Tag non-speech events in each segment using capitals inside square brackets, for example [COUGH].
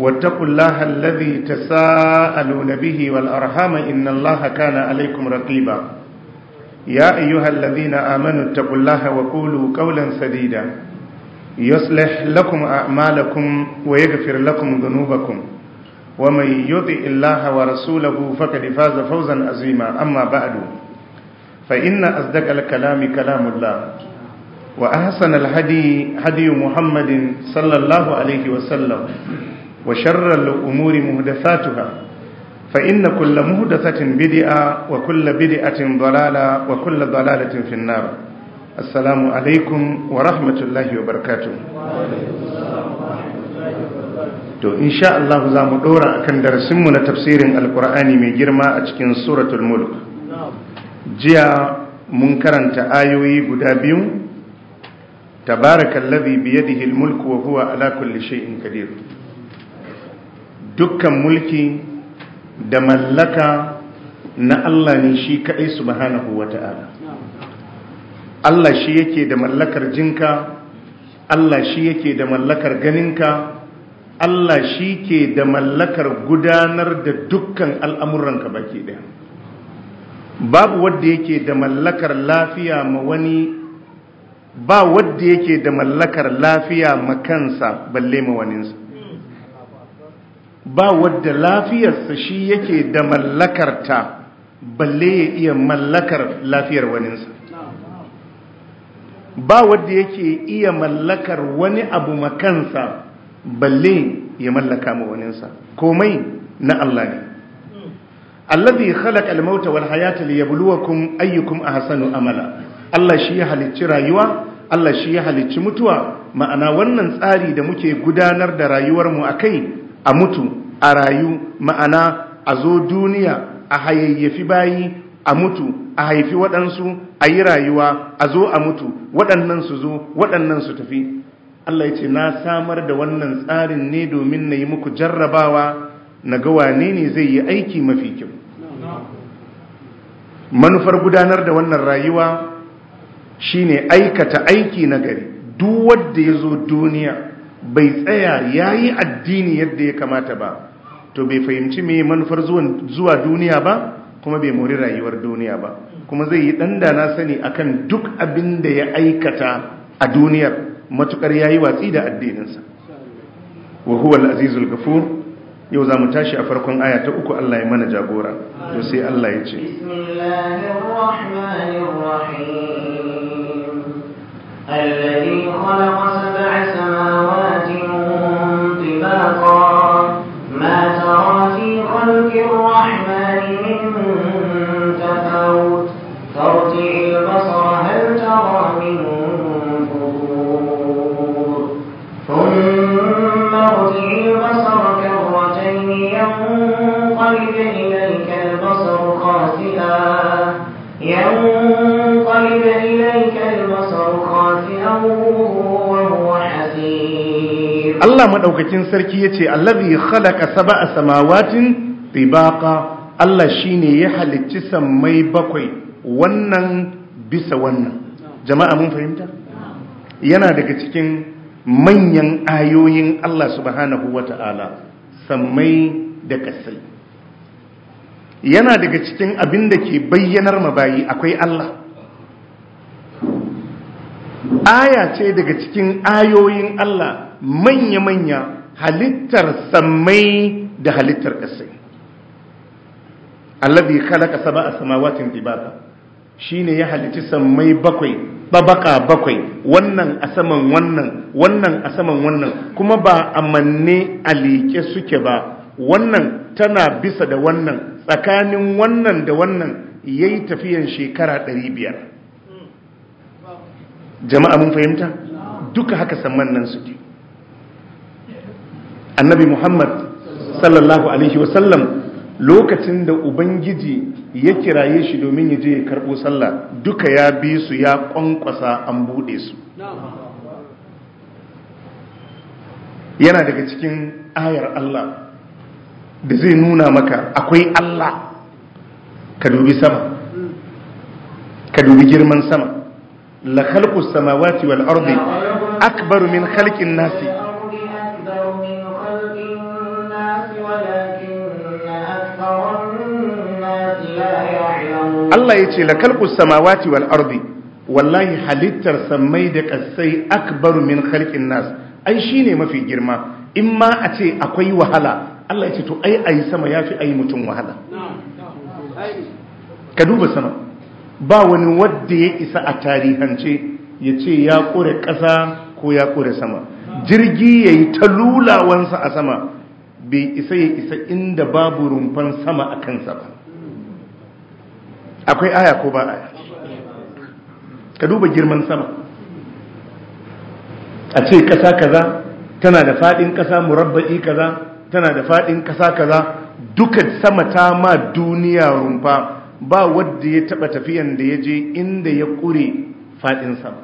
واتقوا الله الذي تساءلون به والأرحام إن الله كان عليكم رقيبا يا أيها الذين آمنوا اتقوا الله وقولوا قولا سديدا يصلح لكم أعمالكم ويغفر لكم ذنوبكم ومن يطع الله ورسوله فقد فاز فوزا عظيما أما بعد فإن أصدق الكلام كلام الله وأحسن الهدي هدي محمد صلى الله عليه وسلم وشر الأمور مهدثاتها فإن كل مهدثة بدئة وكل بدئة ضلالة وكل ضلالة في النار السلام عليكم ورحمة الله وبركاته to insha Allah za mu dora akan darasinmu na tafsirin alkur'ani mai girma a cikin suratul mulk jiya mun karanta ayoyi guda biyu tabarakallazi biyadihi almulku wa huwa ala kulli shay'in kadir. dukkan mulki da mallaka na Allah ne shi kaɗai subhanahu wa ta'ala Allah shi yake da mallakar jinka Allah shi yake da mallakar ganinka Allah shi ke da mallakar gudanar da dukkan al'amuranka baki ɗaya babu wadda yake da mallakar lafiya ma wani ba wadda yake da mallakar lafiya ma kansa balle ma waninsa ba wadda lafiyarsa shi yake da mallakarta balle ya iya mallakar lafiyar waninsa ba wadda yake iya mallakar wani abu makansa balle ya mallaka ma waninsa komai na Allah ne allazi khalaqa al-mauta wal hayata liyabluwakum ayyukum ahsanu amala Allah shi ya halicci rayuwa Allah shi ya halicci mutuwa ma'ana wannan tsari da muke gudanar da rayuwarmu a kai a mutu a rayu ma'ana a zo duniya a hayayyafi bayi a mutu a haifi waɗansu a yi rayuwa a zo a mutu waɗannan su zo waɗannan su tafi Allah ya ce na samar da wannan tsarin ne domin na yi muku jarrabawa na ga wane ne zai yi aiki mafi kyau manufar gudanar da wannan rayuwa shine aikata aiki na gari duk wanda ya zo duniya bai tsaya ya yi addini yadda ya kamata ba to bai fahimci mai manufar zuwa duniya ba kuma bai mori rayuwar duniya ba kuma zai yi ɗandana sani akan duk abin da ya aikata a duniyar matukar ya yi watsi da addininsa wa azizul yau za mu tashi a farkon aya ta uku Allah ya mana jagora to sai Allah ya ce الذي خلق سبع سماوات طباقا ما ترى في خلق الرحمن من تفاوت البصر هل من ثم البصر كرتين ينقلب إليك البصر خاسئا ينقلب إليك البصر خاسئا Allah maɗaukakin sarki ya ce allazi khalaqa sab'a samawatin tibaqa Allah shine ya halicci sammai bakwai wannan bisa wannan jama'a mun fahimta yana daga cikin manyan ayoyin Allah subhanahu wata'ala sammai da kasai yana daga cikin abin da ke bayyanar mabayi akwai Allah aya ce daga cikin ayoyin Allah manya-manya halittar samai da halittar ƙasai allazi khalaqa sab'a samawatin tibaqa shine ya halicci samai bakwai babaka bakwai wannan a saman wannan wannan a saman wannan kuma ba a manne a liƙe suke ba wannan tana bisa da wannan tsakanin wannan da wannan yayi tafiyan shekara 500 jama'a mun fahimta duka haka saman nan suke annabi muhammad sallallahu alaihi wasallam lokacin da ubangiji ya kiraye shi domin ya je ya karbo sallah duka ya bi su ya kwankwasa an bude su yana daga cikin ayar Allah da zai nuna maka akwai Allah ka dubi sama ka dubi girman sama la khalqu samawati wal ardi akbaru min khalqin nasi Allah ya ce lakalku samawati wal ardi wallahi halittar sammai da kasai akbar min khalqin nas ai shine mafi girma in ma a ce akwai wahala Allah ya ce to ai ai sama yafi ai mutum wahala ka duba sama ba wani wanda ya isa a tarihance ya ce ya kure ƙasa ko ya kure sama jirgi ya yi ta lulawansa a sama bai isa ya isa inda babu rumfan sama a kansa ba akwai aya ko ba aya ka duba girman sama a ce ƙasa kaza tana da faɗin ƙasa murabba'i kaza tana da faɗin ƙasa kaza duka sama ta ma duniya rumfa ba wadda ya taɓa tafiyan da ya je inda ya ƙure faɗin sama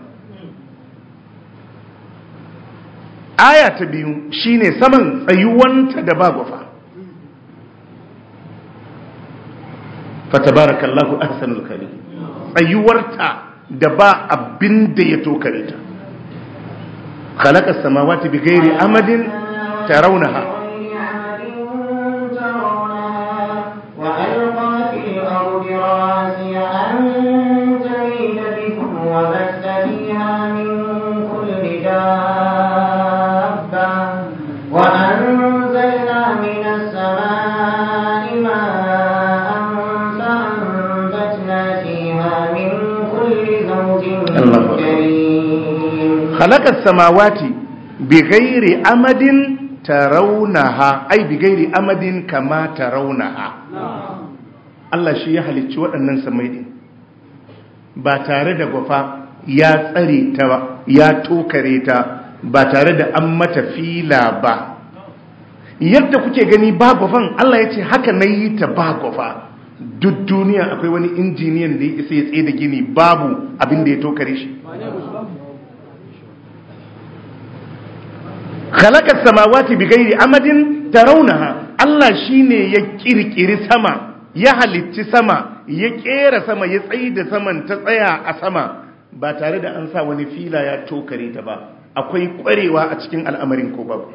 aya ta biyu shine saman tsayuwanta da ba gwafa ta ba fatabarakallahu ahsanul karim tsayuwarta da ba abin da ya tokare ta khalaqa samawati bighairi amadin tarawnaha khalaqa samawati bighairi amadin tarawnaha ai bighairi amadin kama tarawnaha Allah shi ya halicci waɗannan samai din ba tare da gwafa ya tsare ta ya tokare ta ba tare da an mata fila ba yadda kuke gani ba gwafan Allah ya ce haka na yi ta ba gwafa duk duniya akwai wani injiniyan da ya isa ya tsaye da gini babu abin da ya tokare shi khalaqa samawati bighairi amadin tarawnaha Allah shine ya kirkiri sama ya halicci sama ya kera sama ya tsayi da saman ta tsaya a sama ba tare da an sa wani fila ya tokare ta ba akwai kwarewa a cikin al'amarin ko babu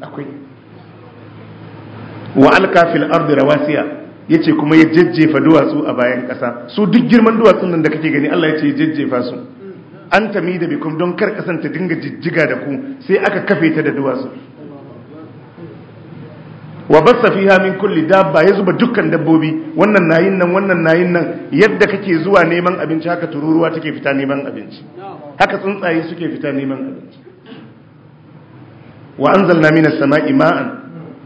akwai wa alkafil ardi rawasiya yace kuma ya jajjefa duwatsu a bayan kasa su duk girman duwatsun nan da kake gani Allah yace ya jajjefa su an tami da bikum don kar san ta dinga jijjiga da ku sai aka kafe ta da duwatsu wa basa fi min kulli dabba ya zuba dukkan dabbobi wannan nayin nan wannan nayin nan yadda kake zuwa neman abinci haka tururuwa take fita neman abinci haka tsuntsaye suke fita neman abinci wa anzalna as sama'i ma'an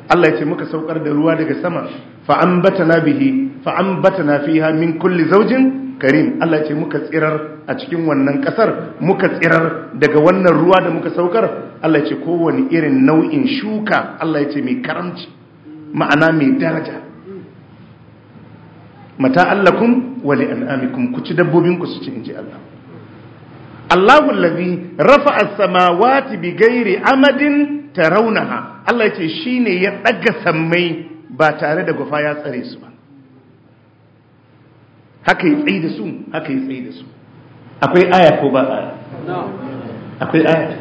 Allah ya ce muka saukar da ruwa daga sama fa ambatana bihi fa ambatana fiha min kulli zawjin karim Allah ce muka tsirar a cikin wannan kasar muka tsirar daga wannan ruwa da muka saukar Allah ce kowane irin nau'in shuka Allah ce mai karamci ma'ana mai daraja mata allakum wa li'anamikum ku ci dabbobin ku su ci inji Allah Allahu allazi rafa'a as-samawati bighairi amadin tarawunaha Allah ce shine ya daga sammai ba tare da gufa ya tsare su ba haka yi tsaye da su haka yi tsaye da su akwai aya ko ba aya akwai aya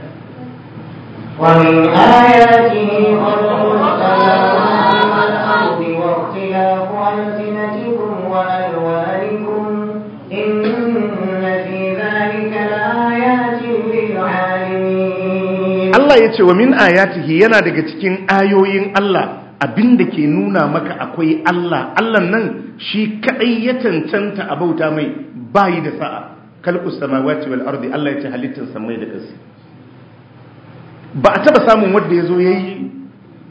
Allah ya ce wa min ayatihi yana daga cikin ayoyin Allah Abin da ke nuna maka akwai Allah Allah nan shi kaɗai ya cancanta a bauta mai bayi da sa'a kalqus samawati wal ardi Allah ya ce halittar samai da ƙasa ba a taba samun wanda yazo yayi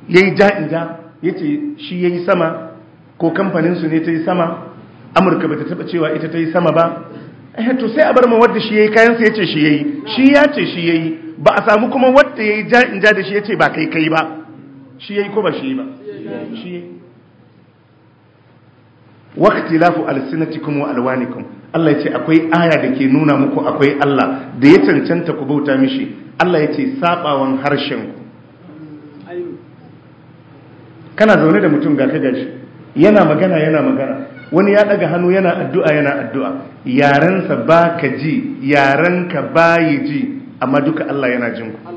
yayi ja’ija ja yace shi yayi sama ko kamfanin su ne tayi sama Amurka bata taba cewa ita tayi sama ba eh to sai a bar mu wanda shi yayi kayansa sa yace shi yayi shi ya ce shi yayi ba a samu kuma wanda yayi yi ja da shi yace ba kai kai ba shi yayi ko ba shi ba shi waqtilafu alsinatikum wa alwanikum Allah ya ce akwai aya da ke nuna muku akwai Allah da ya cancanta ku bauta mishi Allah ya ce sabawan harshen ku kana zaune da mutum ga ka gaji? yana magana yana magana wani ya daga hannu yana addu'a yana addu'a yarensa ba ka ji yarenka ba yi ji amma duka Allah yana jin ku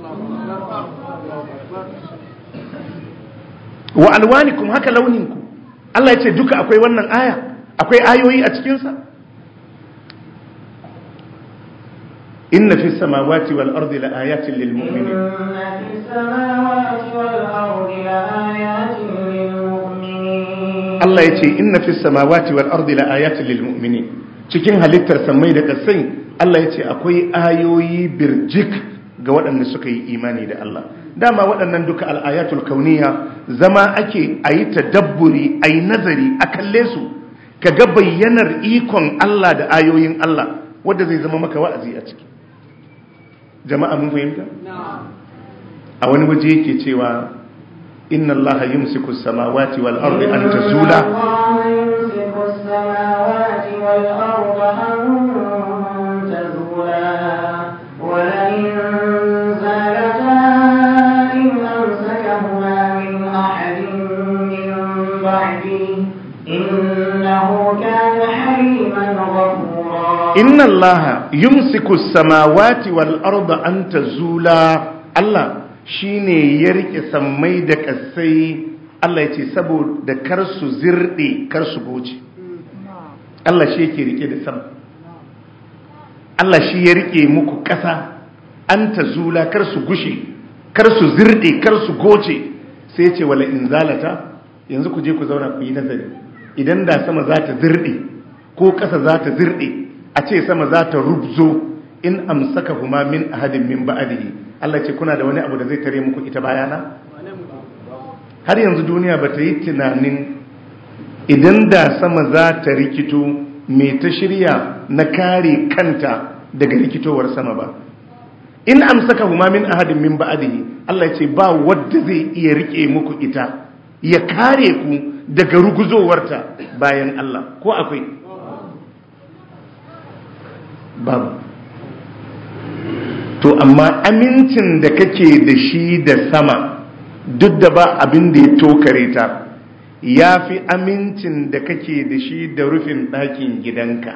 wa alwanikum haka launinku Allah ya ce duka akwai wannan aya akwai ayoyi a cikinsa inna fi samawati wal ardi la ayatin lil mu'minin inna fi samawati wal ardi la ayatin lil mu'minin Allah ya ce inna fi samawati wal ardi la ayatin lil mu'minin cikin halittar samai da kasai Allah ya ce akwai ayoyi birjik ga waɗanda suka yi imani da Allah dama waɗannan duka al'ayatul kauniya zama ake a yi tadabburi a yi nazari a kalle su ka ga bayyanar ikon Allah da ayoyin Allah wadda zai zama maka wa'azi a ciki jama'a mun fahimta? a wani waje yake cewa inna Allah yumsiku samawati wal ardi an zula. inna allaha yumsiku samawati wal arda an tazula Allah shine ya rike sammai da kasai Allah ya ce saboda kar su zirde kar su goce Allah shi yake rike da sama Allah shi ya rike muku kasa an tazula kar su gushe kar su zirde kar su goce sai ya ce wala inzalata yanzu ku je ku zauna ku yi nazari idan da sama za ta zirde ko kasa za ta zirde a ce sama za ta rubzo in amsaka kuma min ahadin min ba'dihi Allah ce kuna da wani abu da zai tare muku ita bayana har yanzu duniya ba ta yi tunanin idan da sama za ta rikito mai ta shirya na kare kanta daga rikitowar sama ba in amsaka kuma min ahadin min ba'dihi Allah ce ba wadda zai iya rike muku ita ya kare ku daga ruguzowarta bayan Allah ko akwai babu to amma amincin da kake da shi da sama duk da ba abin da ya tokare ta ya fi amincin da kake da shi da rufin ɗakin gidanka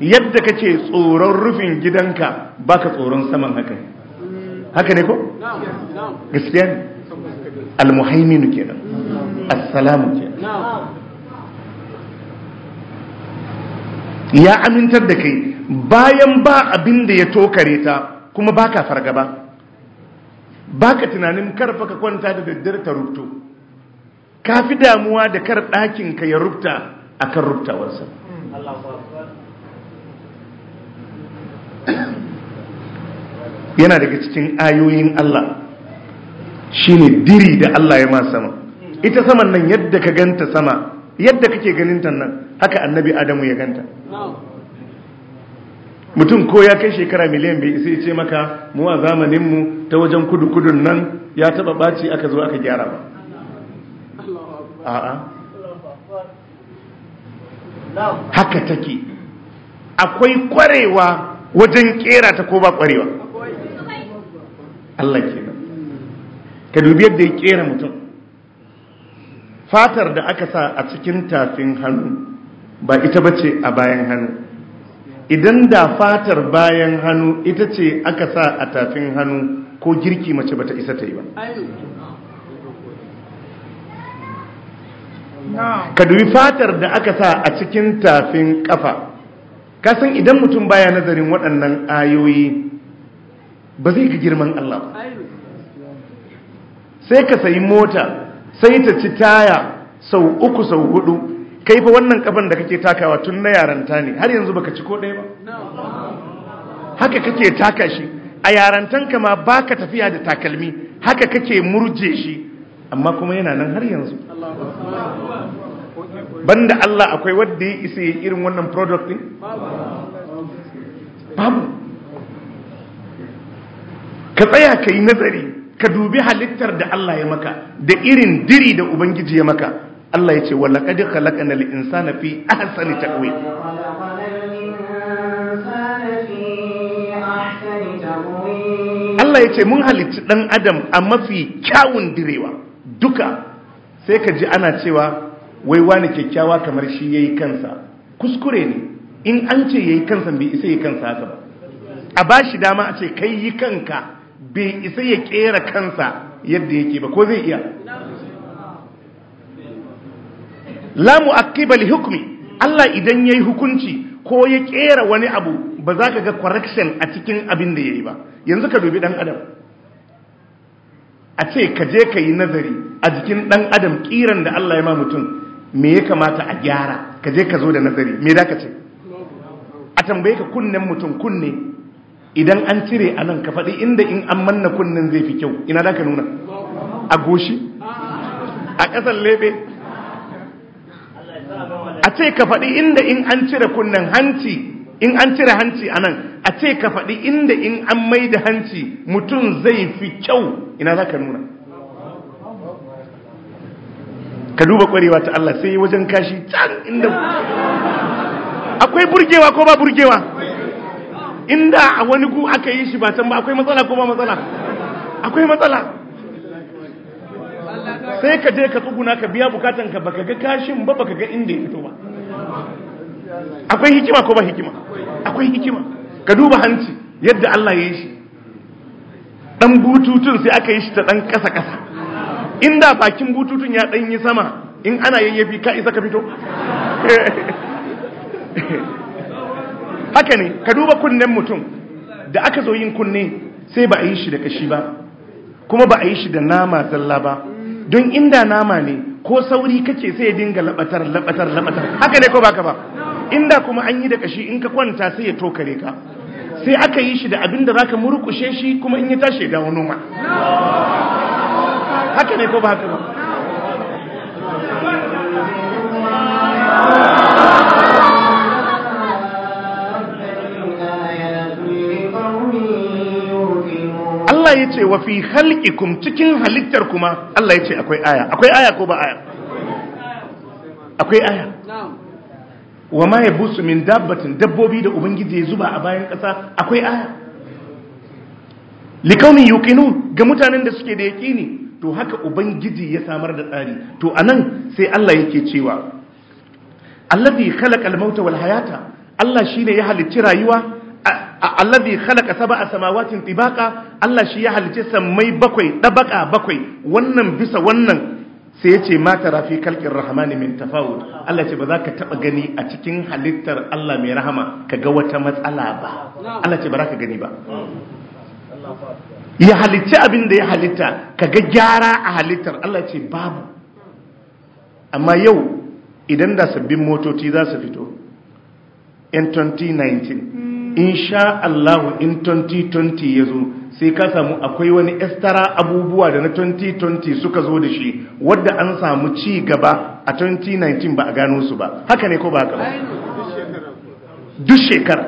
yadda kake tsoron rufin gidanka baka tsoron saman haka haka ne ko? gaskiya ne almuhaiminu kenan assalamu kenan ya amintar da kai bayan ba abin da ya tokare ta kuma ba baka fargaba ka tunanin karfa ka kwanta da daddare ta rubto ka fi damuwa da kar ɗakin ka ya rubta kan rubtawarsa yana daga cikin ayoyin Allah Shi ne diri da Allah ya ma sama ita saman nan yadda ka ganta sama yadda kake ganin nan haka annabi Adamu ya ganta mutum ko ya kai shekara miliyan bai sai ya ce maka mu a zamaninmu ta wajen kudu kudun nan ya taba ɓaci aka zo aka gyara ba haka take akwai kwarewa wajen kera ta ko ba kwarewa Allah ke ka dubi yadda ya kera mutum fatar da aka sa a cikin tafin hannu ba ita bace a bayan hannu idan da fatar bayan hannu ita ce aka sa a tafin hannu ko girki mace bata isa ta yi ba ka dubi fatar da aka sa a cikin tafin kafa kasan idan mutum baya nazarin waɗannan ayoyi ba zai ga girman Allah sai ka sayi mota sai ta ci taya sau uku sau hudu kai fa wannan kafan da kake takawa tun na yaranta ne har yanzu baka ci ko ɗaya ba haka kake taka shi a yarantanka ma baka tafiya da takalmi haka kake murje shi amma kuma yana nan har yanzu banda Allah akwai wanda ya isa irin wannan product din babu ka tsaya ka nazari ka dubi halittar da Allah ya maka da irin diri da Ubangiji ya maka Allah ya ce wala qad khalaqnal insana fi ahsani taqwim Allah ya ce mun halicci ɗan adam a mafi kyawun direwa duka sai ka ji ana cewa wai wani kyakkyawa kamar shi yayi kansa kuskure ne in an ce yayi kansa bai isa yayi kansa haka ba a bashi dama a ce kai yi kanka bai isa ya kera kansa yadda yake ba ko zai iya la mu hukmi Allah idan ya yi hukunci ko ya kera wani abu ba za ka ga correction a cikin abin da yayi ba yanzu ka dubi dan adam a ce ka je ka yi nazari a jikin ɗan adam kiran da Allah ya ma mutum me ya kamata a gyara ka je ka zo da nazari me da ka ce a tambaye ka kunnen mutum kunne idan an cire a nan ka faɗi inda in an manna kunnen zai fi kyau ina da ka nuna a goshi a ƙasar lebe a ce ka faɗi inda in an cire kunnen hanci in an cire hanci a nan a ce ka faɗi inda in an mai da hanci mutum zai fi kyau ina za ka nuna ka duba ƙwarewa ta Allah sai wajen kashi can inda akwai burgewa ko ba burgewa inda a wani gu aka yi shi ba can ba akwai matsala ko ba matsala akwai matsala sai ka je ka tsuguna ka biya bukatan ka baka ga kashin ba baka ga inda ya fito ba akwai hikima ko ba hikima akwai hikima ka duba hanci yadda Allah ya yi shi dan bututun sai aka yi shi ta dan kasa kasa inda bakin bututun ya dan yi sama in ana yayyafi ka isa ka fito haka ne ka duba kunnen mutum da aka zo yin kunne sai ba a yi shi da kashi ba kuma ba a yi shi da nama zalla ba don inda nama ne ko sauri kake sai ya dinga labatar labatar labatar haka ne ko baka ba inda kuma an yi da kashi in ka kwanta sai ya tokare ka sai aka yi shi da abin da zaka murkushe shi kuma in ya tashi da wani ma haka ne ko ba ba Allah ya ce wa fi halƙikum cikin halittar kuma Allah ya ce akwai aya akwai aya ko ba aya akwai aya wa ma yabusu min dabbatin dabbobi da ubangiji ya zuba a bayan ƙasa akwai aya likaumin yuqinun ga mutanen da suke da ne, to haka ubangiji ya samar da tsari to anan sai Allah yake cewa allazi khalaqa al-mauta wal hayata Allah shine ya halicci rayuwa alladhi khalaqa sab'a samawati tibaqa Allah shi ya halice sammai bakwai dabaka bakwai wannan bisa wannan sai ya mata rafi kalkin rahmani min tafawud Allah ce ba za ka taba gani a cikin halittar Allah mai rahama ka wata matsala ba Allah ce ba za ka gani ba ya halitta abin da ya halitta ka ga gyara a halittar Allah ce babu amma yau idan da sabbin motoci za su fito in 2019 insha Allahu in 2020 ya zo sai ka samu akwai wani estara abubuwa da na 2020 suka zo da shi wadda an samu ci gaba a 2019 ba a gano su ba haka ne ko ba haka ba duk shekara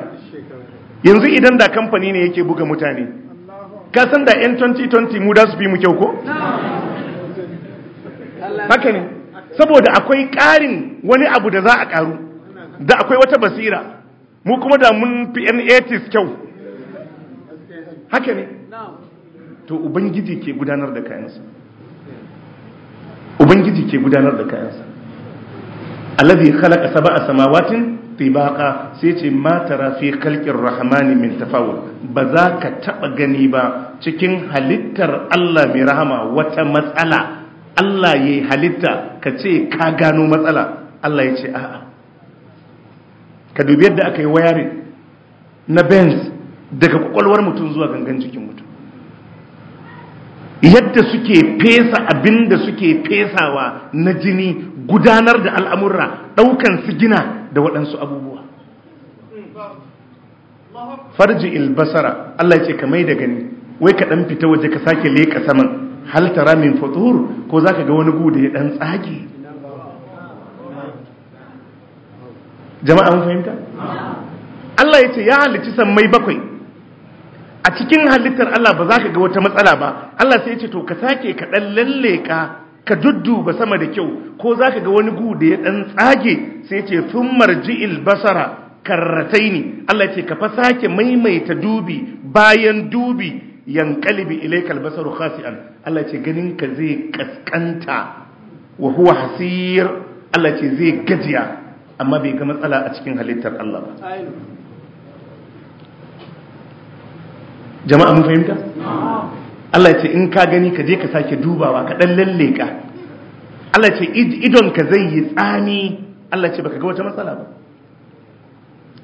yanzu idan da kamfani ne yake buga mutane ka san da 'yan 2020 mu da su fi mu kyau ko? haka ne saboda akwai ƙarin wani abu da za a ƙaru da akwai wata basira mu kuma da mun fi yan etis kyau haka ne to ubangiji ke gudanar da kayansa ubangiji ke gudanar da kayansa alladhi khalaqa sab'a samawatin tibaqa sai ce ma tara fi khalqir rahmani min tafawul ba za ka taba gani ba cikin halittar Allah mai rahama wata matsala Allah yayi halitta ka ce ka gano matsala Allah ya ce a'a ka dubi yadda aka yi wayarin na benz daga kwakwalwar mutum zuwa gangan jikin mutum yadda suke fesa abin da suke fesawa na jini gudanar da al'amurra ɗaukan su gina da waɗansu abubuwa farji ilbasara Allah ce ka mai da gani wai ka ɗan fita waje ka sake leƙa saman haltara min fatur ko za ka ga wani da ya ɗan tsage jama'a mun fahimta Allah ya ce ya halicci sammai bakwai a cikin halittar Allah ba za ka ga wata matsala ba Allah sai ya ce to ka sake ka dan lalle ka ka dudduba sama da kyau ko za ka ga wani gu da ya dan tsage sai ya ce sun marji'il basara karrataini Allah ya ce ka fa sake maimaita dubi bayan dubi yanqalibi ilaikal basaru khasi'an Allah ya ce ganin ka zai kaskanta wa huwa hasir Allah ya ce zai gajiya amma bai ga matsala a cikin halittar Allah ba jama'a mun fahimta Allah ce in ka gani ka je ka sake dubawa ka lalle ka. Allah ce idon ka zai yi tsami Allah ce ce baka ga wata matsala ba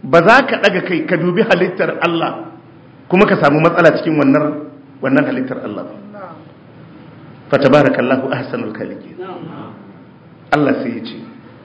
ba za ka ɗaga kai ka dubi halittar Allah kuma ka samu matsala cikin wannan wannan halittar Allah ba fa a ahsanul kalli. Allah sai ya ce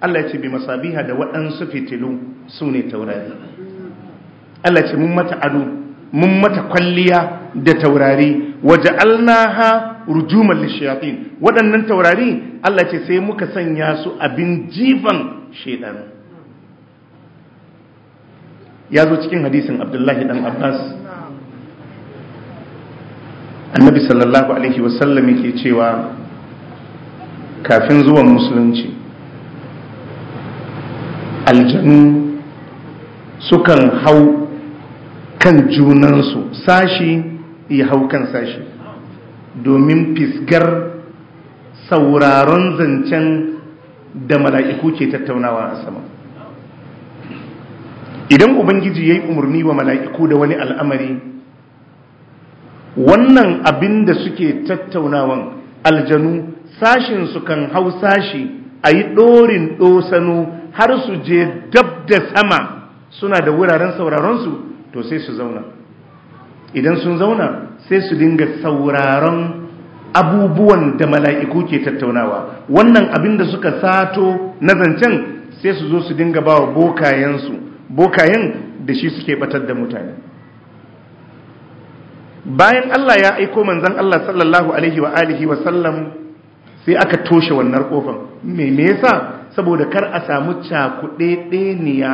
Allah ce bi masabiha da waɗansu fitilu su ne taurari Allah ce mun mata ado mun mata kwalliya da taurari waje alnaha rujuman lishiyafin waɗannan taurari Allah ce sai muka sanya su abin jifan shaidan ya zo cikin hadisin abdullahi dan abbas annabi sallallahu alaihi wasallam yake cewa kafin zuwan musulunci aljanu sukan hau kan junansu sashi ya hau kan sashi domin fisgar sauraron zancen da mala'iku ke tattaunawa a sama idan ubangiji ya yi umarni wa mala'iku da wani al'amari wannan abin da suke tattaunawan aljanu sashin su kan hau sashi a yi ɗorin ɗosano har su je dab da sama suna da wuraren sauraron su to sai su zauna idan sun zauna sai su dinga sauraron abubuwan da mala'iku ke tattaunawa wannan abin da suka sato na zancen sai su zo su dinga ba wa bokayensu bokayen da shi suke batar da mutane bayan Allah ya aiko manzan Allah sallallahu alaihi wa alihi wa sallam sai aka toshe wannan kofan me me yasa saboda kar a samu cakuɗeɗeniya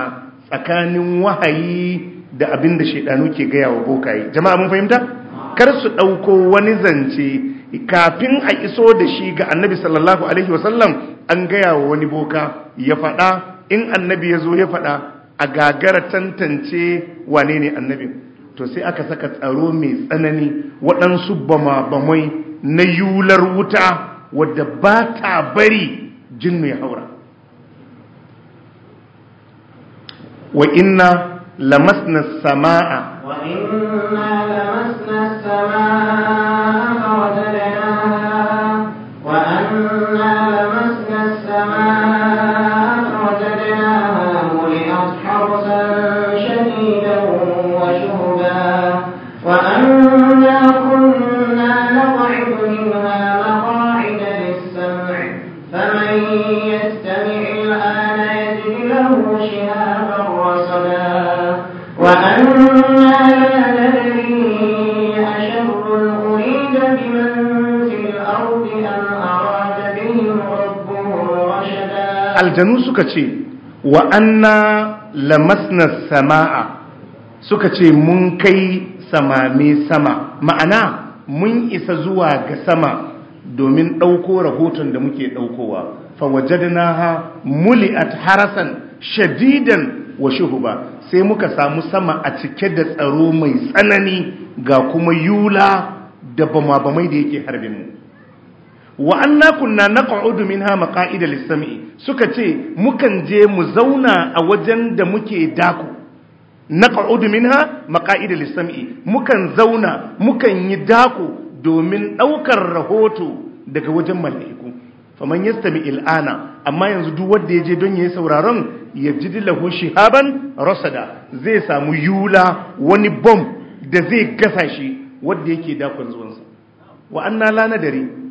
tsakanin wahayi da abin da shaidanu ke gaya wa bokaye jama'a mun fahimta kar su ɗauko wani zance kafin a iso da shi ga annabi sallallahu alaihi wasallam an gaya wa wani boka ya faɗa in annabi ya zo ya faɗa a gagara tantance wane ne annabi? to sai aka saka tsaro mai tsanani waɗansu bama-bamai na yular wuta wadda ba ta bari jinnu ya haura wa inna lamasna sama'a wa inna lamasna sama'a aljanu suka ce wa anna lamasna sama'a suka ce mun kai samame sama ma'ana mun isa zuwa ga sama domin ɗauko rahoton da muke ɗaukowa ha muli'at harasan shadidan wa shuhuba sai muka samu sama a cike da tsaro mai tsanani ga kuma yula da bama-bamai da yake harbin mu wa anna kunna naq'udu minha maqa'ida lis-sam'i suka ce mukan je mu zauna a wajen da muke dako naq'udu minha maqa'ida lis-sam'i mukan zauna mukan yi dako domin daukar rahoto daga wajen mala'iku faman yastami il'ana amma yanzu duk wanda yaje don yayi sauraron ya lahu shihaban rasada zai samu yula wani bomb da zai gasa shi wanda yake dakon zuwansa wa anna la nadari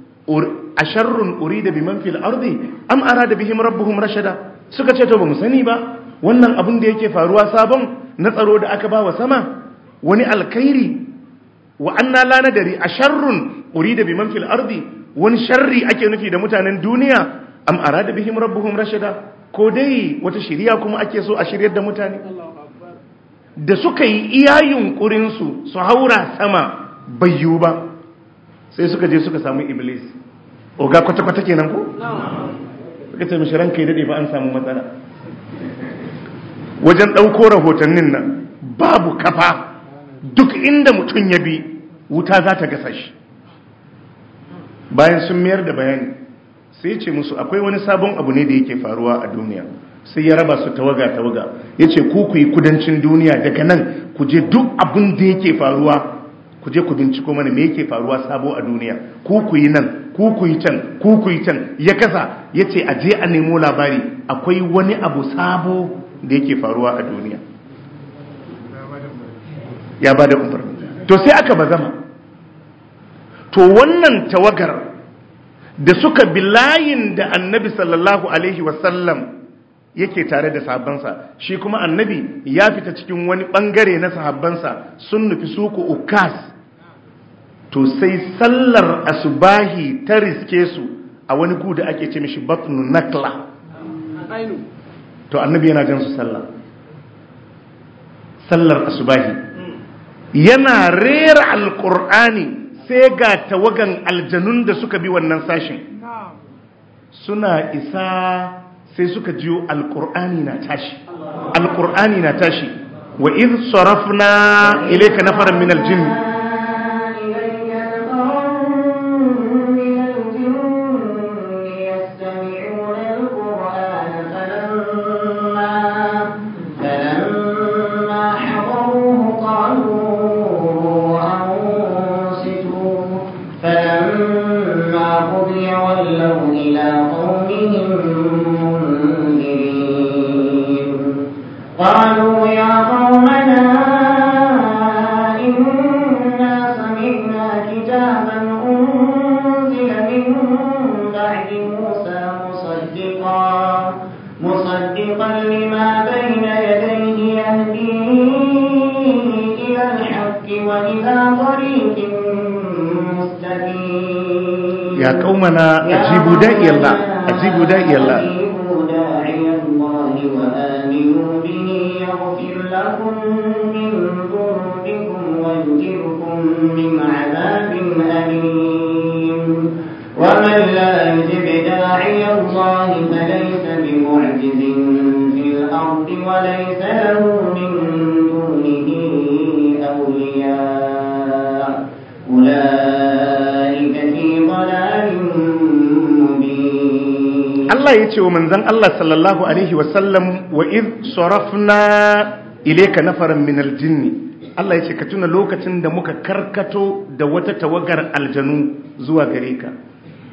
asharrun urida biman fil ardi am arada bihim rabbuhum rashada suka ce to bamu sani ba wannan abin da yake faruwa sabon na tsaro da aka bawa sama wani alkhairi wa anna la nadari asharrun urida biman fil ardi wani sharri ake nufi da mutanen duniya am arada bihim rabbuhum rashada ko dai wata shiriya kuma ake so a shiryar da mutane da suka yi iya yunkurinsu su haura sama bai yiwu ba sai suka je suka samu iblis oga kwata-kwata kenan ko suka ce mishi ranka yi dade ba an samu matsala wajen ɗauko rahotannin nan babu kafa duk inda mutum ya bi wuta za ta gasa shi bayan sun mayar da bayani sai ce musu akwai wani sabon abu ne da yake faruwa a duniya sai ya raba su tawaga tawaga ya ce ku ku yi kudancin duniya daga nan ku je duk abin da yake faruwa ku je ku binciko mana me yake faruwa sabo a duniya ku ku yi nan ku ku yi can ku ku yi can ya kasa ya ce a je a nemo labari akwai wani abu sabo da yake faruwa a duniya ya ba da umarni to sai aka bazama to wannan tawagar da suka bi layin da annabi sallallahu alaihi wasallam yake tare da sahabbansa shi kuma annabi ya fita cikin wani bangare na sahabbansa sun nufi suku ukas to sai sallar asubahi ta riske su a wani gu da ake ce mishi batnu nakla to annabi yana jan su sallah sallar asubahi yana rera alkur'ani sai ga tawagan aljanun da suka bi wannan sashin suna isa sai suka jiyo alkur'ani na tashi alkur'ani na tashi wa iz sarafna ilayka nafaran min aljinn ya kaumana a jibu da'i Allah a jibu da'i Allah ومن لا Allah ya ce wa manzan Allah sallallahu alaihi wasallam wa iz sarafna ilayka nafaran min aljinn Allah ya ce ka tuna lokacin da muka karkato da wata tawagar aljanu zuwa gare ka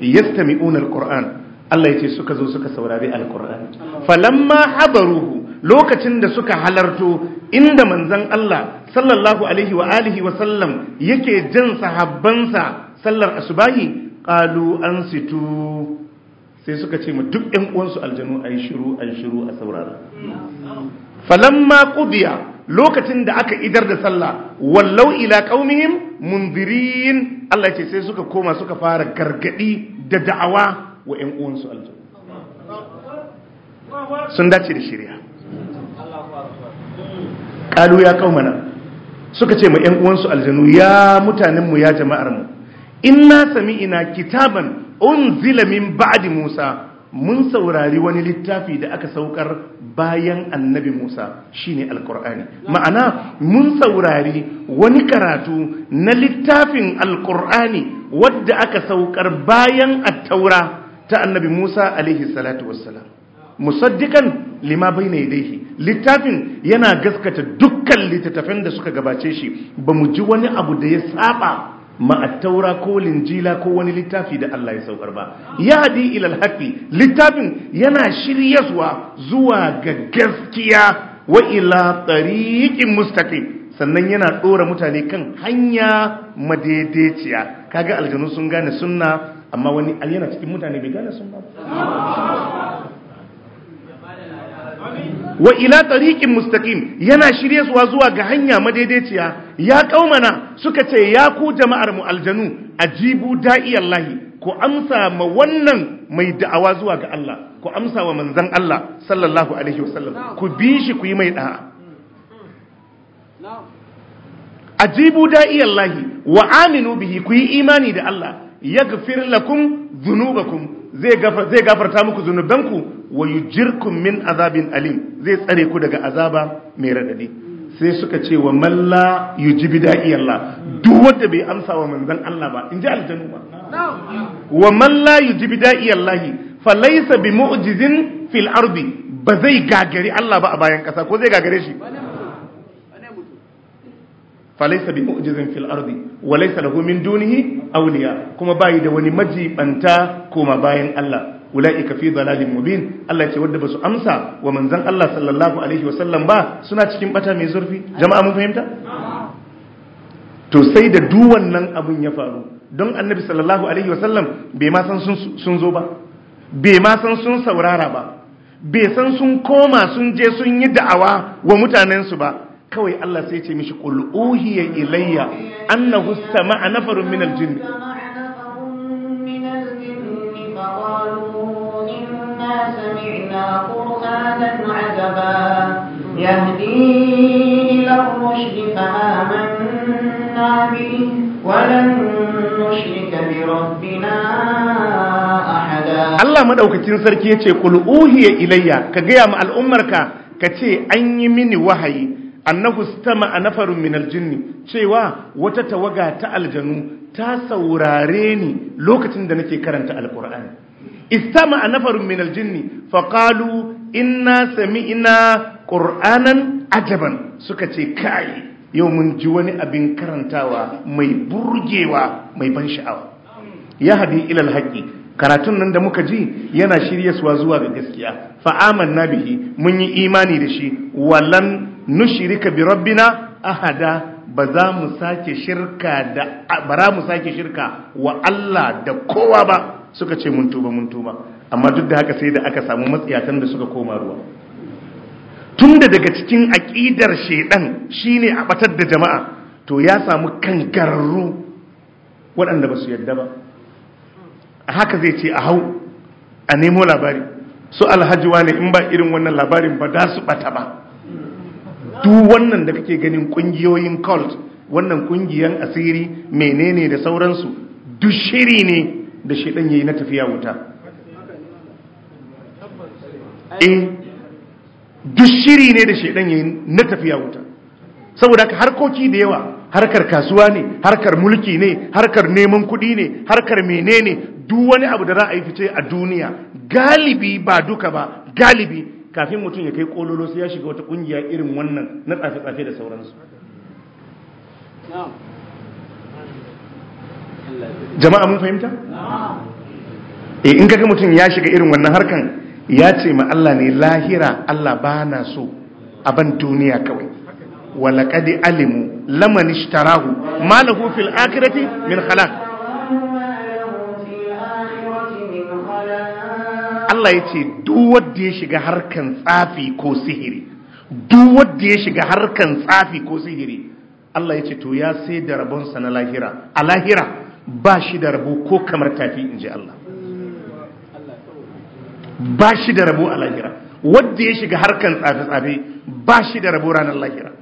yastami'una alquran Allah ya ce suka zo suka saurari alquran falamma habaruhu lokacin da suka halarto inda manzan Allah sallallahu alaihi wa alihi wa sallam yake jin sahabbansa sallar asubahi qalu ansitu sai suka ce ma duk ɗan uwansu aljanu ayi shiru ayi shiru a saurara falamma maƙubiya lokacin da aka idar da sallah wallau ila ƙaunihin mundirin Allah ce sai suka koma suka fara gargadi da da'awa wa ɗan uwansu aljanu sun dace da shirya. kalu ya kaumana suka ce ma ‘yan uwansu aljanu ya mutanenmu ya jama'armu inna ina kitaban unzila min ba'di Musa mun saurari wani littafi da aka saukar bayan annabi Musa shine alkur'ani ma'ana mun saurari wani karatu na littafin alkur'ani wadda aka saukar bayan attaura ta annabi Musa alaihi salatu wassalam musaddikan lima bayna yadayhi littafin yana gaskata dukkan littattafan da suka gabace shi Ba mu ji wani abu da ya saba taura ko linjila ko wani littafi da Allah ya saukar ba ya hadi ilal haƙi littafin yana shiryaswa zuwa ga gaskiya wa ila tariqin mustaqim sannan yana ɗora mutane kan hanya madaidaiciya kaga aljanu sun gane sunna amma wani yana cikin mutane bai gane sunna ba wa ila tariqin mustaqim yana shirye suwa zuwa ga hanya madaidaiciya ya kaumana suka ce ya ku jama'ar mu aljanu ajibu da'i Allah ku amsa ma wannan mai da'awa zuwa ga Allah ku amsa wa manzon Allah sallallahu alaihi wasallam ku bi shi ku yi mai da'a ajibu da'i Allah wa aminu bihi ku yi imani da Allah yaghfir lakum dhunubakum zai gafarta muku zunubanku wa jirkun min azabin alim zai tsare ku daga azaba mai radadi sai suka ce wa malla yujibi da'i Allah duk wanda bai amsa wa manzan Allah ba in ji aljanu ba wa malla yujibi da'i Allah fa laysa bi mu'jizin fil ardi ba zai gagari Allah ba a bayan kasa ko zai gagare shi falaisa bi mu'jizin fil ardi wa laysa lahu min dunihi awliya kuma bai da wani majibanta koma bayan Allah ulaika fi dalalin mubin Allah ce wanda basu amsa wa manzon Allah sallallahu alaihi wa sallam ba suna cikin bata mai zurfi jama'a mun fahimta to sai da duk wannan abun ya faru don annabi sallallahu alaihi wa sallam bai ma san sun zo ba bai ma san sun saurara ba bai san sun koma sun je sun yi da'awa wa mutanensu ba kawai Allah sai ce mishi ƙul'uhiyar ilayya annahu sama a nafarin minar Allah maɗaukacin sarki ya ce ƙul'uhiyar ilayya ka gaya ma al’ummarka ka ce an yi mini wahayi annahu stama a nafarin minal jinni cewa wata tawaga ta aljanu ta saurare ni lokacin da nake karanta alkur'ani istama a nafarin minal jinni faƙalu sami ina ƙur'anan ajaban suka ce kai yau mun ji wani abin karantawa mai burgewa mai ban sha'awa ya haɗi ilal haƙi karatun nan da muka ji yana shiryaswa zuwa ga gaskiya fa'aman na bihi mun yi imani da shi wallan. nushirika bi rabbina ahada ba za mu sake shirka da bara mu sake shirka wa Allah da kowa ba suka ce mun tuba mun tuba amma duk da haka sai da aka samu matsiyatan da suka koma ruwa tunda daga cikin aqidar shedan shine a batar da jama'a to ya samu kan kangararru waɗanda ba su yadda ba haka zai ce a hau a nemo labari su alhaji wane in ba irin wannan labarin ba da su bata ba duk wannan da kake ganin kungiyoyin cult wannan kungiyan asiri menene da sauransu duk shiri ne da shedan yayi na tafiya wuta eh duk shiri ne da shedan yayi na tafiya wuta saboda harkoki da yawa harkar kasuwa ne harkar mulki ne harkar neman kuɗi ne harkar menene duk wani abu da za a yi fice a duniya galibi ba duka ba galibi kafin mutum ya kai kololo sai ya shiga wata kungiya irin wannan na tsafe-tsafe da sauransu jama'a mun fahimta? eh in kaga mutum ya shiga irin wannan harkan ya ce ma Allah ne lahira Allah ba na so aban duniya kawai kadi alimu Lamani, ishtarahu ma lahu fil akhirati min khalaq Allah ya ce duk wanda ya shiga harkan tsafi ko sihiri duk wanda ya shiga harkan tsafi ko sihiri Allah ya ce to ya sai da rabonsa na lahira a lahira ba shi da rabo ko kamar tafi in ji Allah ba shi da rabo a lahira wanda ya shiga harkan tsafi-tsafi ba shi da rabo ranar lahira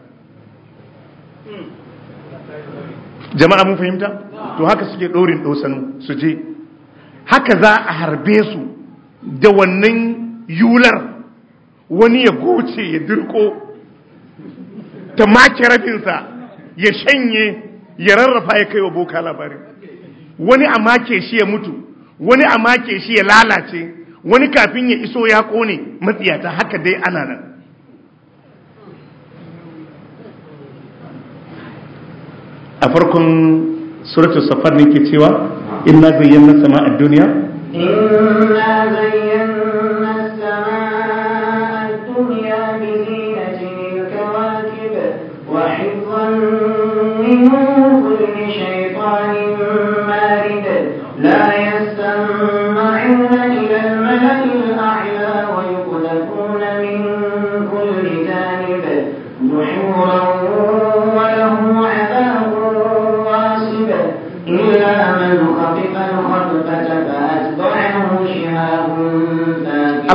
jama'a mun fahimta to haka suke ɗorin ɗosanu su je haka za a harbe su da wannan yular wani ya goce ya dirko ta make rafinsa ya shanye ya rarrafa ya kai wa boka labari wani a make shi ya mutu wani a make shi ya lalace wani kafin ya iso ya kone matsiyata haka dai ana nan a farkon suratul safar ne ke cewa inna zayyana sama'ad duniya In Amen.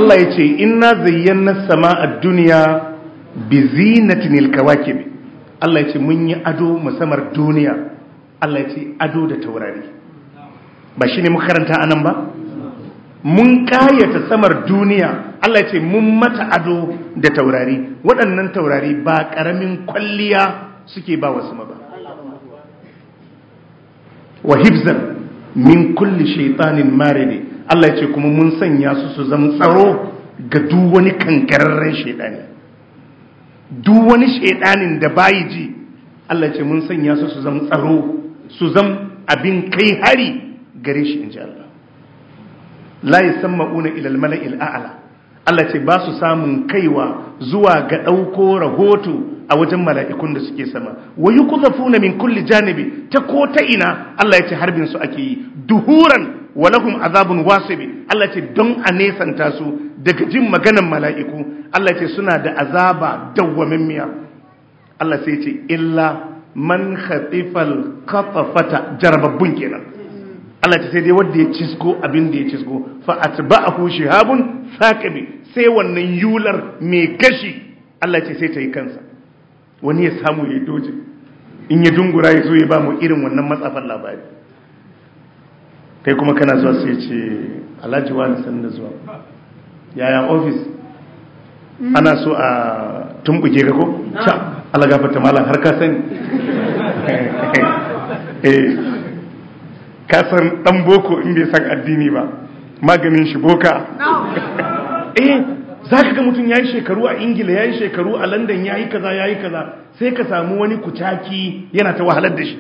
Allah ya ce inna zayyana sama a duniya bi zinatinil kawakib Allah ya ce mun yi ado samar duniya Allah ya ce ado da taurari ba shine ne karanta anan ba mun kayata samar duniya Allah ya ce mun mata ado da taurari waɗannan taurari ba ƙaramin kwalliya suke ba wasu ba wa hifzan min kulli shaitanin maridi Allah ya ce kuma mun sanya su su zama tsaro ga duk wani kankararren shaidani duk wani shaidanin da bayi ji Allah ya ce mun sanya su su zama tsaro su zama abin kai hari gare shi inji Allah la yasamma'una ila al-mala'il a'la Allah ce ba su samun kaiwa zuwa ga ɗauko rahoto a wajen mala'ikun da suke sama wa yi min kulli janibi ta ko ta ina Allah ya ce harbin su ake yi duhuran walakum azabun wasibi Allah ce don a nesanta su daga jin maganan mala'iku Allah ce suna da azaba dawwamin miya. Allah sai ce illa man khatifal qatafata jarababbun kenan Allah ce sai dai wanda ya cisko abin da ya cisko fa atba'ahu shihabun sakami, sai wannan yular mai kashi Allah ce sai ta yi kansa wani ya samu ya doje in ya dungura ya zo ya ba mu irin wannan matsafan labari kai kuma kana zuwa sai ce alhaji wani sanin da zuwa yaya ofis ana so a tumbuke ka ko ca alagafa ta malam har ka sani [LAUGHS] eh, ka san dan boko in bai san addini ba maganin shi boka [LAUGHS] eh za ka ga mutum ya yi shekaru a ingila ya yi shekaru a london ya yi kaza ya yi kaza sai ka samu wani kucaki yana ta wahalar da shi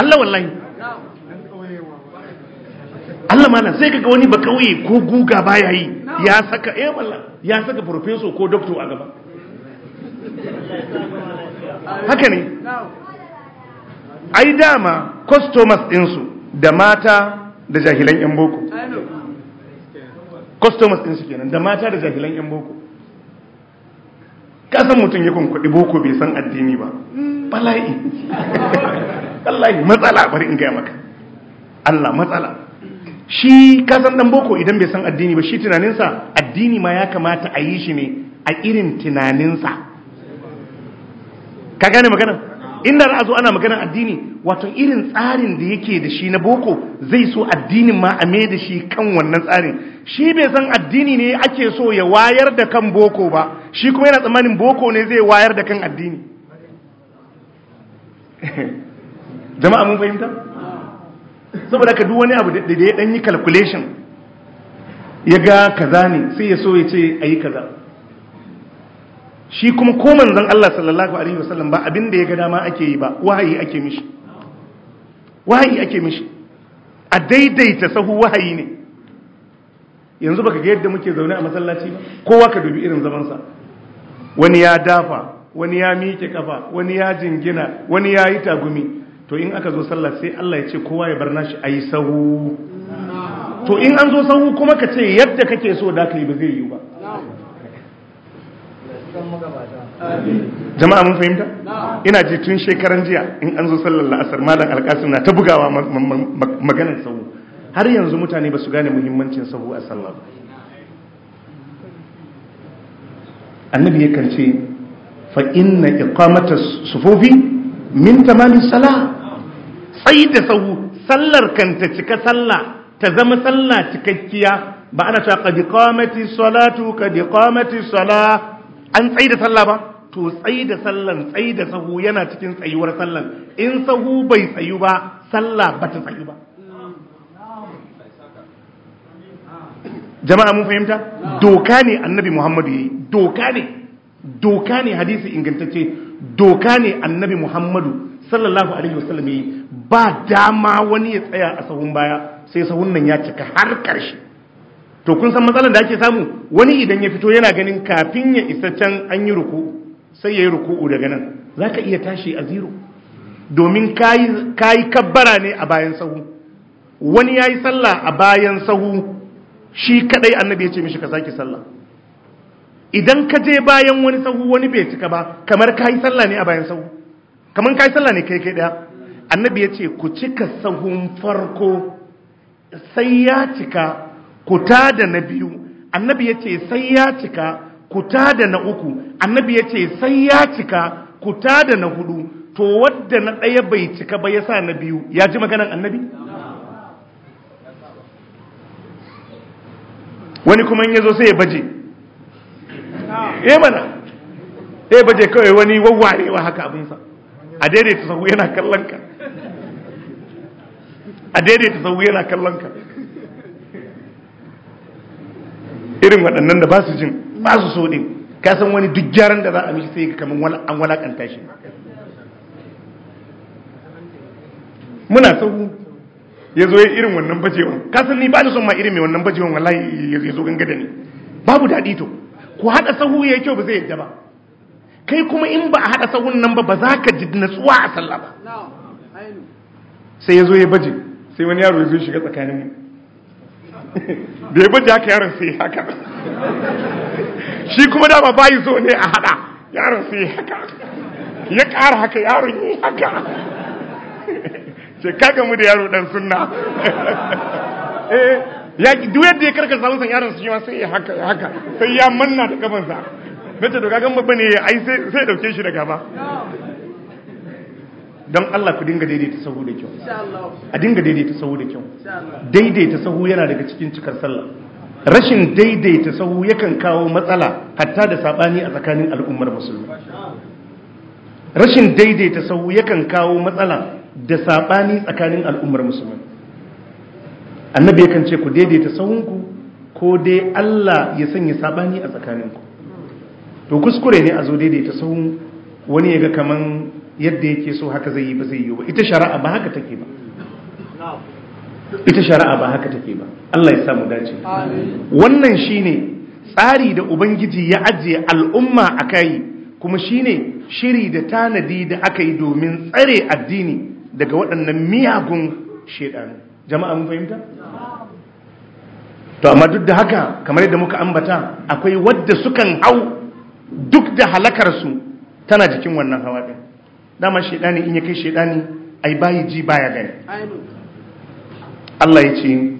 allah Allah na sai kaga wani ba kauye ko guga baya yi ya saka eh mallam ya saka professor ko doctor a gaba haka ne ai dama customers din su da mata da jahilan yan boko customers din su kenan da mata da jahilan yan boko Ka san mutum yakan kwankwaɗi boko bai san addini ba bala'i [LAUGHS] wallahi matsala bari in gaya maka Allah matsala shi kasan dan boko idan bai san addini ba shi tunaninsa addini ma ya kamata a yi shi ne a irin tunaninsa ka gane magana inda za a zo ana magana addini wato irin tsarin da yake da shi na boko zai so addinin ma a mai da shi kan wannan tsarin shi bai san addini ne ake so ya wayar da kan boko ba shi kuma yana tsammanin boko ne zai wayar da kan addini [LAUGHS] jama'a mun fahimta saboda ka duk wani abu da ya dan yi calculation ya ga kaza ne sai ya so ya ce ayi kaza shi kuma ko zan Allah sallallahu alaihi wasallam ba abin da ya ga dama ake yi ba wahayi ake mishi wahayi ake mishi a daidaita sahu wahayi ne yanzu baka ga yadda muke zaune a masallaci ba kowa ka dubi irin zamansa. wani ya dafa wani ya miƙe kafa wani ya jingina wani ya yi tagumi to in aka zo sallah sai Allah ya ce kowa ya bar nashi ayi sahu to in an zo sahu kuma ka ce yadda kake so da kai ba zai yi ba jama'a mun fahimta ina ji tun shekaran jiya in an zo sallar la'asar malam alkasim na ta bugawa maganar sahu har yanzu mutane ba su gane muhimmancin sahu a sallar annabi ya ce fa inna iqamata sufufi min tamamis salah tsayi da sahu sallar kanta cika sallah ta zama sallah cikakkiya ba ana cewa qad qamati salatu qad qamati sala an tsayi da sallah ba to tsayi da sallan tsayi da sahu yana cikin tsayuwar sallan in sahu bai tsayu ba sallah ba ta tsayu ba jama'a mun fahimta doka ne annabi muhammadu yayi doka ne doka ne hadisi ingantacce doka ne annabi muhammadu sallallahu alaihi wasallam ba dama wani ya tsaya a sahun baya sai sahun nan ya cika har karshe to kun san matsalar da ake samu wani idan ya fito yana ganin kafin ya isa can an yi ruku sai ya yi ruku'u daga nan zaka iya tashi a zero domin kayi kayi kabbara ne a bayan sahu wani yayi sallah a bayan sahu shi kadai annabi ya ce mishi ka sake sallah idan ka je bayan wani sahu wani bai cika ba kamar yi sallah ne a bayan sahu kamar kai sallah ne kai kai daya annabi ya ce ku cika sahun farko sai ya cika ku tada na biyu annabi ya ce sai ya cika ku tada na uku annabi ya ce sai ya cika ku tada na hudu to wadda na ɗaya bai cika ba ya sa na biyu ya ji maganan annabi wani kuma in yazo sai ya baje ya eh mana ya eh baje kawai wani wawwarewa haka abinsa a daidaita sahu yana kallon ka a daidaita sahu yana kallon ka irin waɗannan da ba su jin ba su so din ka san wani duk gyaran da za a mishi sai ka kamar an walakanta shi muna sahu ya zo irin wannan bajewan ka san ni ba ni son ma irin mai wannan bajewan wallahi ya zo gangada ne babu daɗi to ku haɗa sahu ya yi kyau ba zai yadda ba kai kuma in ba a haɗa sahun nan ba ba za ka ji natsuwa a sallah ba sai ya zo ya baje sai wani yaro ya zo shiga tsakanin mu. da [LAUGHS] ya baje haka yaron sai haka [LAUGHS] shi kuma dama bayi zo ne a haɗa yaron sai haka ya ƙara haka yaron yi haka ce [LAUGHS] kaga mu da yaro ɗan sunna eh, ya duk yadda ya karkar salonsa yaron su shi ma sai ya haka sai ya manna da gabansa nace da kagan babba ne ai sai sai dauke shi da gaba don Allah ku dinga daidaita sahu da kyau a dinga daidaita sahu da kyau daidaita sahu yana daga cikin cikar sallah rashin daidaita sahu yakan kawo matsala hatta da sabani a tsakanin al'ummar musulmi rashin daidaita sahu yakan kawo matsala da sabani tsakanin al'ummar musulmi annabi yakan ce ku daidaita sahunku ko dai Allah ya sanya sabani a tsakaninku to kuskure ne a zo daidaita sahun wani yaga ga kaman yadda yake so haka zai yi ba zai yi ba ita shari'a ba haka take ba ita shari'a ba haka take ba Allah ya samu dace wannan shine tsari da ubangiji ya ajiye al'umma a kayi kuma shine shiri da tanadi da aka yi domin tsare addini daga waɗannan miyagun shaidan. jama'a mun fahimta to amma duk da haka kamar yadda muka ambata akwai wadda sukan hau duk da halakarsu tana jikin wannan hawa ɗin dama shaidani in ya kai shaidani ai bayi ji baya gani Allah ya ce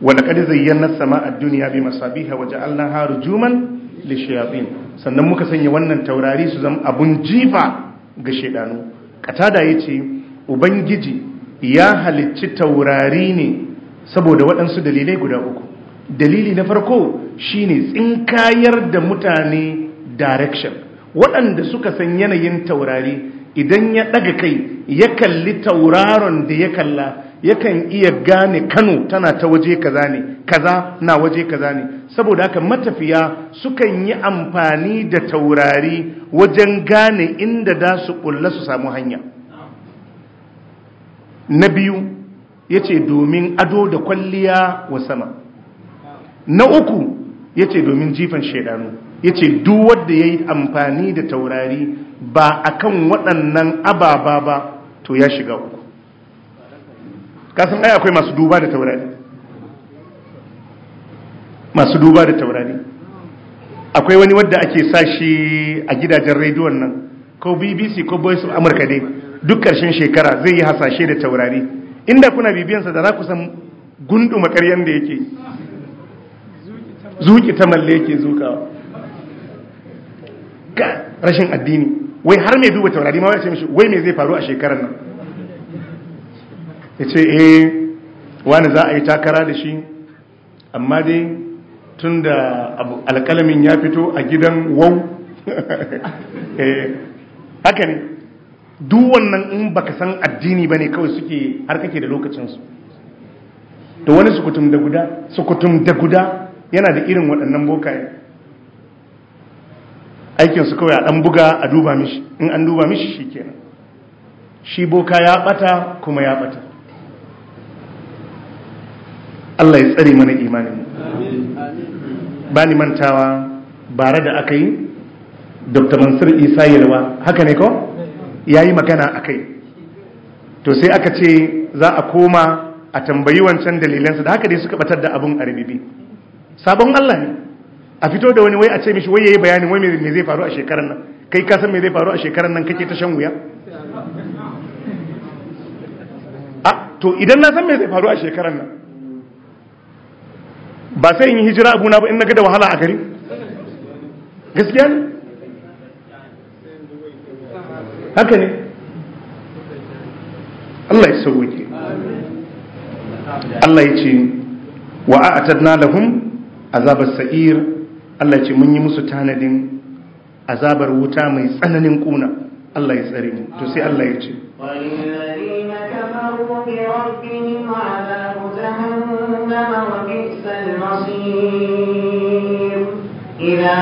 walaƙar na sama a duniya bi masabiha waje Allah haru juman lishiyafin sannan muka sanya wannan taurari su zama abun jifa ga shaidanu katada ya ce ubangiji ya halicci taurari ne saboda waɗansu dalilai guda uku dalili na farko shine tsinkayar da mutane direction waɗanda suka san yanayin taurari idan ya ɗaga kai ya kalli tauraron da ya kalla yakan iya gane kano tana ta waje kaza ne kaza na waje kaza ne saboda haka matafiya sukan yi amfani da taurari wajen gane inda da su ƙulla su samu hanya na biyu ya ce domin ado da kwalliya wa sama na uku ya ce domin jifan shaidanu ya ce duk wanda ya yi amfani da taurari ba a kan waɗannan ababa ba to ya shiga uku kasan ɗaya akwai masu duba da taurari masu duba da taurari akwai wani wadda ake sa shi a gidajen rediyon nan ko bbc ko boys of amurka dai duk ƙarshen shekara zai yi hasashe da taurari inda kuna bibiyansa da za ku san gundu makaryan da yake zuki ta malle yake zukawa ga rashin addini wai har mai duba taurari ma wai wai me zai faru a shekarar nan ya ce eh wani za a yi takara da shi amma dai tun da alƙalamin ya fito a gidan wau [LAUGHS] eh, haka ne wannan in baka san addini ba ne kawai suke har kake da lokacinsu da wani sukutum da guda sukutum da guda yana da irin waɗannan bokaye aikinsu kawai a ɗan buga a duba mishi in an duba mishi shi kenan shi boka ya ɓata kuma ya ɓata Allah ya tsare mana imanin ba ni mantawa bare da aka yi dr mansur isa yalwa haka ne ko ya yi magana a kai to sai aka ce za a koma a tambayi wancan dalilansu da haka dai suka batar da abun arbibi sabon Allah ne a fito da wani wai a ce mishi wai yayi bayanin wai me zai faru a shekarar nan kai ka san me zai faru a shekarar nan kake ta shan wuya a to idan na san me zai faru a shekarar nan ba sai in yi hijira abuna ba in naga da wahala a gari gaskiya ne haka ne Allah ya sauke Allah ya ce wa a'tadna lahum azabas sa'ir Allah ce mun yi musu tanadin azabar wuta mai tsananin kuna Allah ya tsare mu to sai Allah ya ce إذا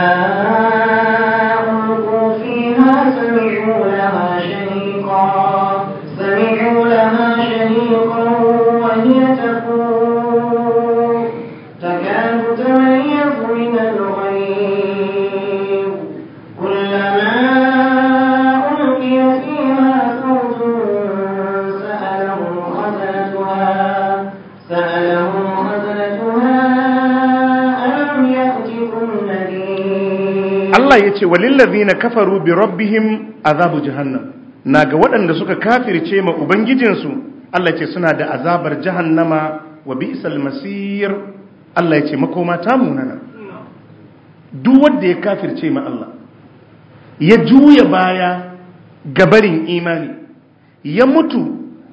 ce walillazina kafaru bi rabbihim azabu jahannam na ga waɗanda suka kafirce ma ubangijinsu Allah ce suna da azabar jahannama wa bi'sal masir Allah ce makoma ta munana duk wanda ya kafirce ma Allah ya juya baya gabarin imani ya mutu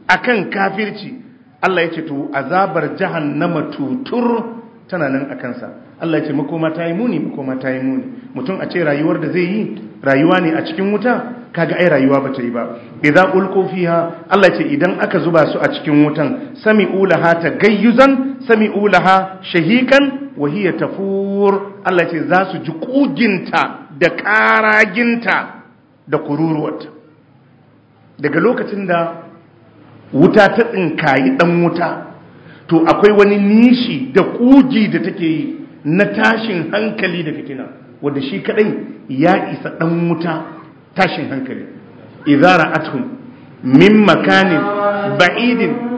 akan kafirci Allah ya ce to azabar jahannama tutur tana nan akansa Allah ce makoma ta yi muni makoma ta yi muni mutum a ce rayuwar da zai yi rayuwa ne a cikin wuta kaga ai rayuwa ba ta yi ba idza ulqu fiha Allah ce idan aka zuba su a cikin wutan sami ulaha ta gayyuzan sami ulaha shahikan wa hiya tafur Allah ce za su ji kuginta da karaginta da kururuwata daga lokacin da wuta ta tsinkayi dan wuta to akwai wani nishi da kugi da take yi na tashin hankali da fitina wanda shi kadai ya isa dan wuta tashin hankali idza ra'atuhum min makanin ba'idin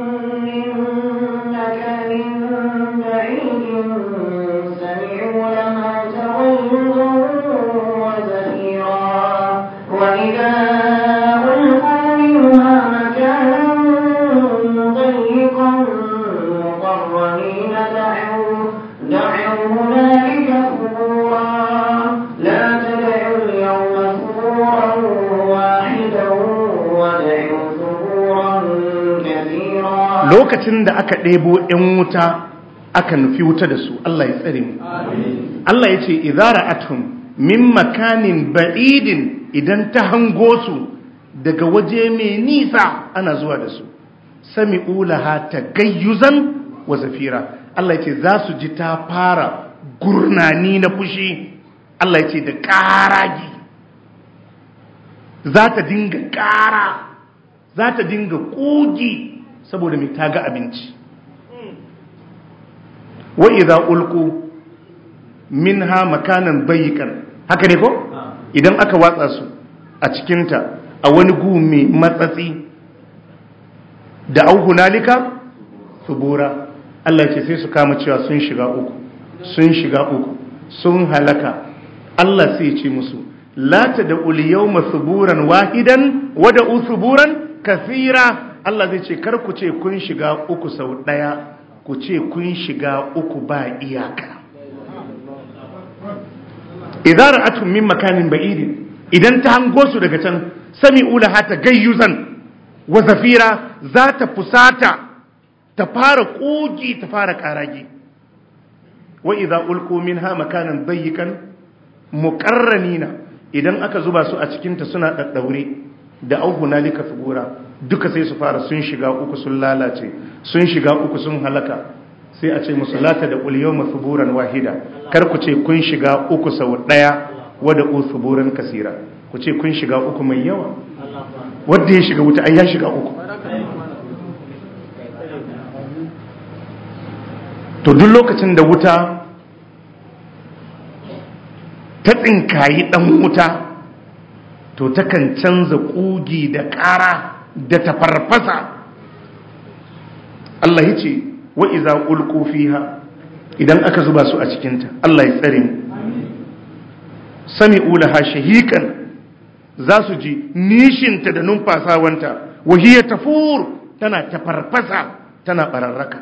lokacin da aka ɗebo ‘yan wuta aka nufi wuta da su Allah ya tsare mu Allah ya ce Izara atun min makanin ba'idin idan ta hango su daga waje mai nisa ana zuwa da su sami ulaha ta gayyuzan wa zafira Allah ya ce za su ji ta fara gurnani na fushi Allah ya ce da ƙaragi za ta dinga ƙara za ta dinga ƙugi saboda mai ta abinci hmm. wa ulku min minha makanan bayyikan haka ne ko ah. idan aka watsa su a cikinta a wani gu mai matsatsi da auku nalika subura Allah ce sai su kama cewa sun shiga uku sun shiga uku sun halaka Allah sai ce musu la da uliyau yawma buran wahidan wada da'u suburan kafira Allah zai ce kar ku ce kun shiga uku sau ɗaya ku ce kun shiga uku ba iyaka idan ra'atun min makanin ba'idin idan ta hango su daga can sami ula hata gayyuzan wa zafira za ta fusata ta fara kogi ta fara karage wa idza ulqu minha makanan dayyikan muqarranina idan aka zuba su a cikin ta suna daddaure da nalika figura duka sai su fara sun shiga uku sun lalace sun shiga uku sun halaka sai a ce musu lata da uliyo buran wahida kar ku ce kun shiga uku sau ɗaya wadda usuburan kasira ku ce kun shiga uku mai yawa wadda ya shiga wuta ai ya shiga uku to duk lokacin da wuta ta tsinkayi ɗan wuta to takan canza ƙugi da ƙara da tafarfasa Allah ya ce wa iza ulqu fiha idan aka zuba su a cikinta Allah ya tsare mu sami'u laha shahikan za su ji nishinta da numfasawanta wa hiya tafur tana tafarfasa tana bararraka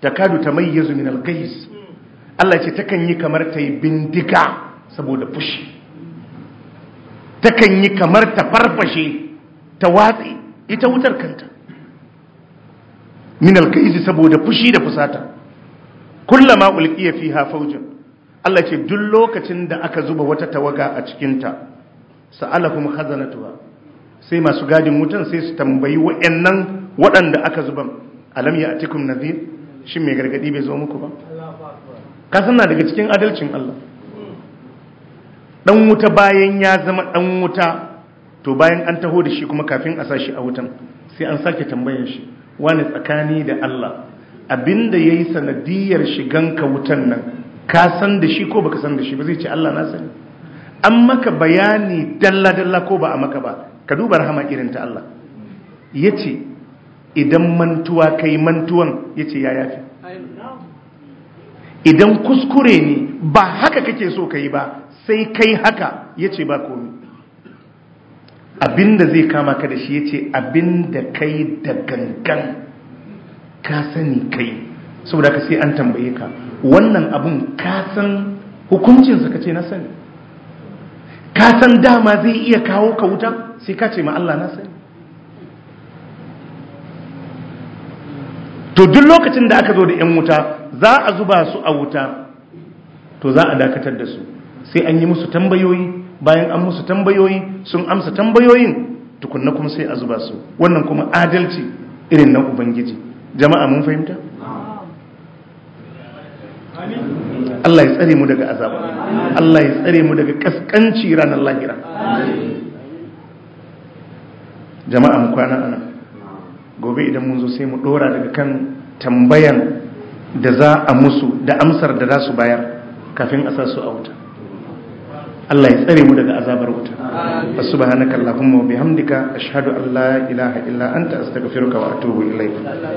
takadu tamayyazu min al-ghayz Allah ce takan yi kamar ta yi bindiga saboda fushi takan yi kamar ta farfashe ta watsi ita wutar kanta min alkaizi saboda fushi da fusata kullama ulqiya fiha faujan Allah ce duk lokacin da aka zuba wata tawaga a cikin cikinta sa'alahum khazanatuha sai masu gadin wutan sai su tambayi wa'annan waɗanda aka zuban alam ya atikum nadhir shin mai gargadi bai zo muku ba ka sanna daga cikin adalcin Allah dan wuta bayan ya zama dan wuta to bayan an taho da shi kuma kafin a sashi a wutan sai an sake tambayar shi wani tsakani da Allah abinda yi sanadiyar shigan ka wutan nan ka san da shi ko baka san da shi ba zai ce Allah na sani an maka bayani dalla dalla ko ba a maka ba ka duba rahama irin ta Allah yace idan mantuwa kai mantuwan yace ya yafi idan kuskure ne ba haka kake so kai ba sai kai haka yace ba komai Abin da zai kama ka da shi yace abinda kai da gangan ka sani kai saboda ka sai an tambaye ka wannan abin kasan san hukuncin sa kace na sani ka dama zai iya kawo ka wuta sai ka ce ma Allah na sani to duk lokacin da aka zo da 'yan wuta za a zuba su a wuta to za a dakatar da su sai an yi musu tambayoyi bayan an musu tambayoyi sun amsa tambayoyin tukunna kuma sai a zuba su wannan kuma adalci irin na ubangiji jama'a mun fahimta Allah ya tsare mu daga azaba Allah ya tsare mu daga kaskanci ranar lahira jama'a mu kwana ana gobe idan mun zo sai mu dora daga kan tambayan da za a musu da amsar da za su bayar kafin a sa su a wuta Allah ya tsare mu daga azabar wuta subhanakallahumma wa bihamdika ashhadu an la ilaha illa anta astaghfiruka wa atubu ilayk